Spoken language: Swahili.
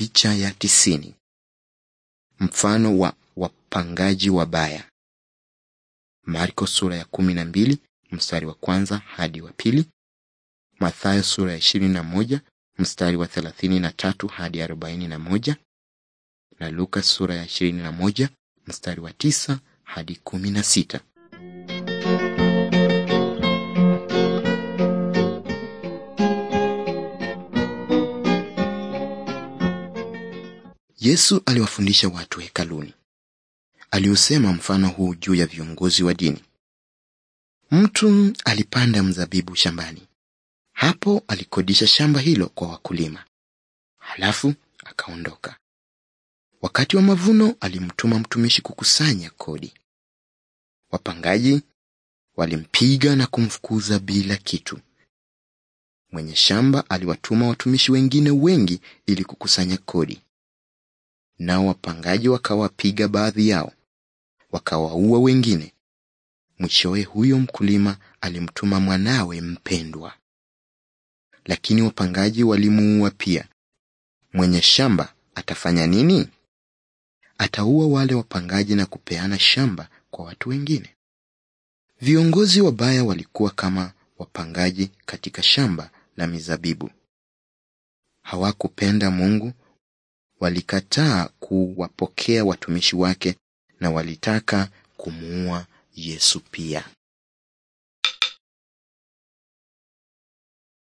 Picha ya tisini. Mfano wa wapangaji wabaya. Marko sura ya kumi na mbili mstari wa kwanza hadi wa pili. Mathayo sura ya ishirini na moja mstari wa thelathini na tatu hadi arobaini na moja na Luka sura ya ishirini na moja mstari wa tisa hadi kumi na sita. Yesu aliwafundisha watu hekaluni. Aliusema mfano huu juu ya viongozi wa dini. Mtu alipanda mzabibu shambani. Hapo alikodisha shamba hilo kwa wakulima. Halafu akaondoka. Wakati wa mavuno alimtuma mtumishi kukusanya kodi. Wapangaji walimpiga na kumfukuza bila kitu. Mwenye shamba aliwatuma watumishi wengine wengi ili kukusanya kodi nao wapangaji wakawapiga baadhi yao, wakawaua wengine. Mwishowe huyo mkulima alimtuma mwanawe mpendwa, lakini wapangaji walimuua pia. Mwenye shamba atafanya nini? Ataua wale wapangaji na kupeana shamba kwa watu wengine. Viongozi wabaya walikuwa kama wapangaji katika shamba la mizabibu. Hawakupenda Mungu walikataa kuwapokea watumishi wake na walitaka kumuua Yesu pia.